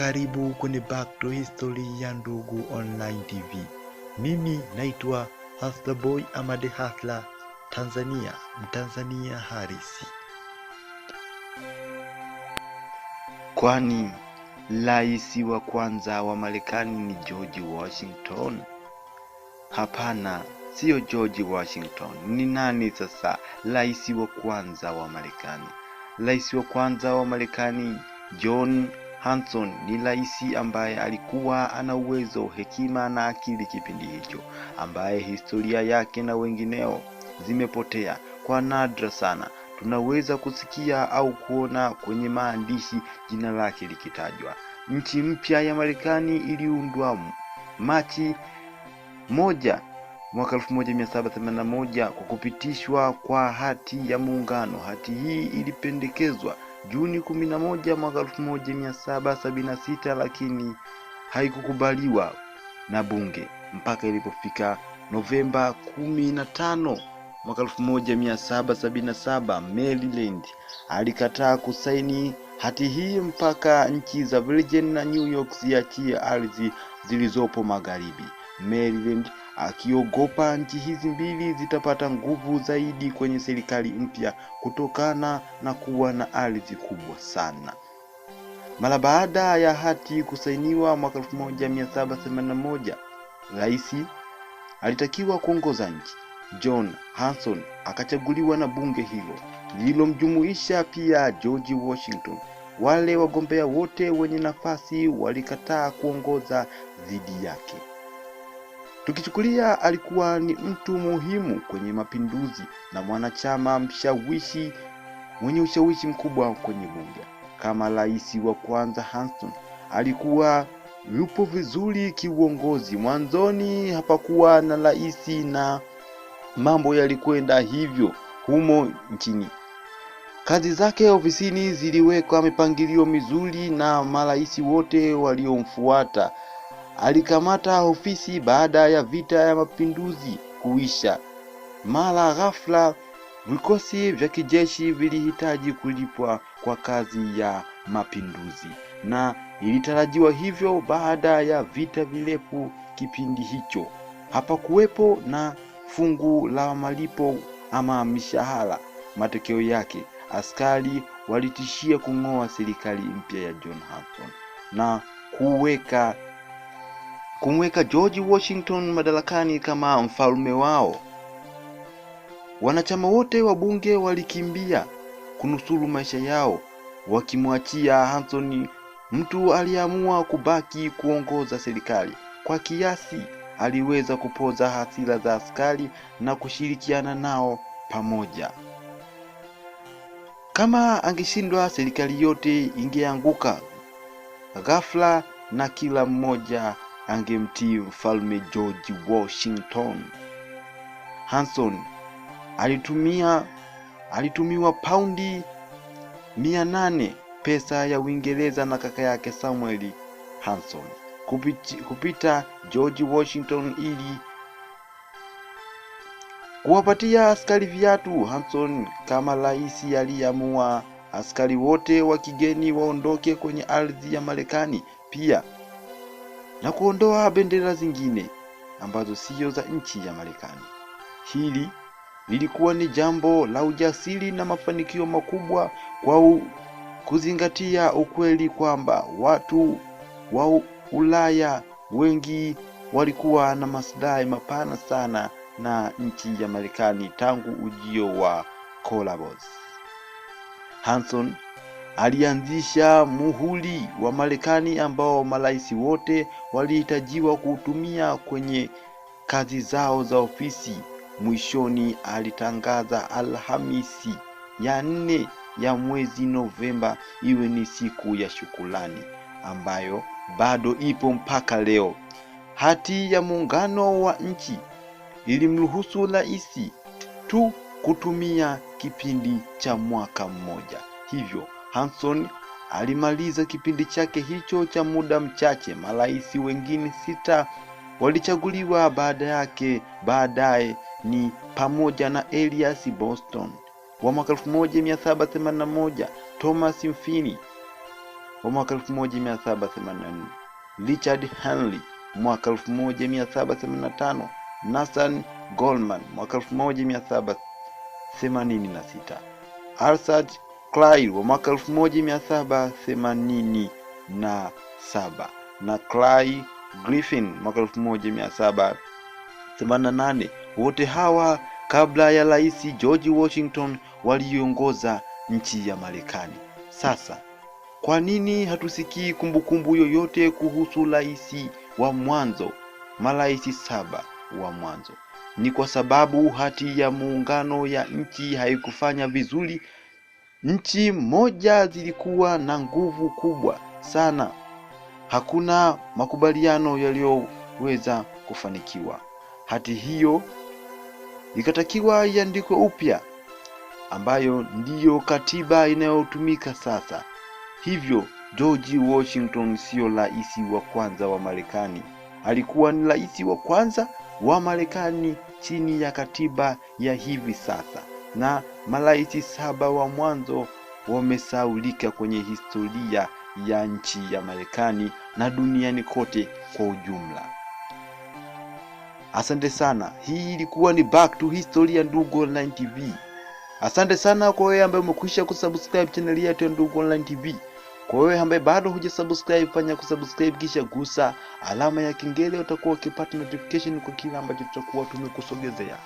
Karibu kwenye Back to History ya Ndugu Online TV. Mimi naitwa Hasla Boy Amade Hasla, Tanzania, Mtanzania harisi. Kwani rais wa kwanza wa Marekani ni George Washington? Hapana, siyo George Washington. Ni nani sasa rais wa kwanza wa Marekani? Rais wa kwanza wa Marekani John Hanson ni rais ambaye alikuwa ana uwezo, hekima na akili kipindi hicho, ambaye historia yake na wengineo zimepotea kwa nadra sana. Tunaweza kusikia au kuona kwenye maandishi jina lake likitajwa. Nchi mpya ya Marekani iliundwa Machi moja mwaka 1781 kwa kupitishwa kwa hati ya muungano. Hati hii ilipendekezwa Juni 11 mwaka 1776, lakini haikukubaliwa na bunge mpaka ilipofika Novemba 15 mwaka 1777. Maryland alikataa kusaini hati hii mpaka nchi za Virgin na New York ziachie ardhi zilizopo magharibi. Maryland akiogopa nchi hizi mbili zitapata nguvu zaidi kwenye serikali mpya kutokana na kuwa na ardhi kubwa sana. Mara baada ya hati kusainiwa mwaka 1781, rais alitakiwa kuongoza nchi. John Hanson akachaguliwa na bunge hilo lililomjumuisha pia George Washington. Wale wagombea wote wenye nafasi walikataa kuongoza dhidi yake. Tukichukulia alikuwa ni mtu muhimu kwenye mapinduzi na mwanachama mshawishi mwenye ushawishi mkubwa kwenye bunge. Kama rais wa kwanza Hanson alikuwa yupo vizuri kiuongozi. Mwanzoni hapakuwa na rais na mambo yalikwenda hivyo humo nchini. Kazi zake ofisini ziliwekwa mipangilio mizuri na marais wote waliomfuata alikamata ofisi baada ya vita ya mapinduzi kuisha. Mara ghafla, vikosi vya kijeshi vilihitaji kulipwa kwa kazi ya mapinduzi, na ilitarajiwa hivyo baada ya vita virefu. Kipindi hicho hapakuwepo na fungu la malipo ama mishahara. Matokeo yake askari walitishia kung'oa serikali mpya ya John Hanson na kuweka kumweka George Washington madarakani kama mfalme wao. Wanachama wote wa bunge walikimbia kunusuru maisha yao, wakimwachia Hanson mtu aliamua kubaki kuongoza serikali. Kwa kiasi aliweza kupoza hasira za askari na kushirikiana nao pamoja. Kama angeshindwa, serikali yote ingeanguka ghafla na kila mmoja angemtii mfalme George Washington. Hanson alitumia alitumiwa paundi mia nane pesa ya Uingereza na kaka yake Samuel Hanson kupita George Washington ili kuwapatia askari viatu. Hanson kama rais aliamua askari wote wa kigeni waondoke kwenye ardhi ya Marekani. Pia na kuondoa bendera zingine ambazo siyo za nchi ya Marekani. Hili lilikuwa ni jambo la ujasiri na mafanikio makubwa kwa u, kuzingatia ukweli kwamba watu wa Ulaya wengi walikuwa na maslahi mapana sana na nchi ya Marekani tangu ujio wa Columbus. Hanson alianzisha muhuri wa Marekani ambao marais wote walihitajiwa kuutumia kwenye kazi zao za ofisi. Mwishoni alitangaza Alhamisi ya nne ya mwezi Novemba iwe ni siku ya shukrani ambayo bado ipo mpaka leo. Hati ya Muungano wa nchi ilimruhusu rais tu kutumia kipindi cha mwaka mmoja, hivyo Hanson alimaliza kipindi chake hicho cha muda mchache. Marais wengine sita walichaguliwa baada yake baadaye ni pamoja na Elias Boston wa mwaka 1781, Thomas Mfini wa mwaka 1784, Richard Henry mwaka 1785, Nathan Goldman mwaka 1786, Alsat Clyde wa mwaka 1787 na, na Clyde Griffin mwaka nane Wote hawa kabla ya Rais George Washington waliongoza nchi ya Marekani. Sasa kwa nini hatusikii kumbukumbu yoyote kuhusu rais wa mwanzo, marais saba wa mwanzo? Ni kwa sababu hati ya muungano ya nchi haikufanya vizuri Nchi moja zilikuwa na nguvu kubwa sana. Hakuna makubaliano yaliyoweza kufanikiwa. Hati hiyo ikatakiwa iandikwe upya, ambayo ndiyo katiba inayotumika sasa. Hivyo George Washington siyo rais wa kwanza wa Marekani, alikuwa ni rais wa kwanza wa Marekani chini ya katiba ya hivi sasa na malaiki saba wa mwanzo wamesaulika kwenye historia ya nchi ya Marekani na duniani kote kwa ujumla. Asante sana. Hii ilikuwa ni Back to History ya Ndugu Online TV. Asante sana kwa wewe ambaye umekwisha kusubscribe channel yetu ya Ndugu Online TV. Kwa wewe ambaye bado hujasubscribe, fanya kusubscribe, kisha gusa alama ya kengele, utakuwa ukipata notification kwa kila ambacho tutakuwa tumekusogezea.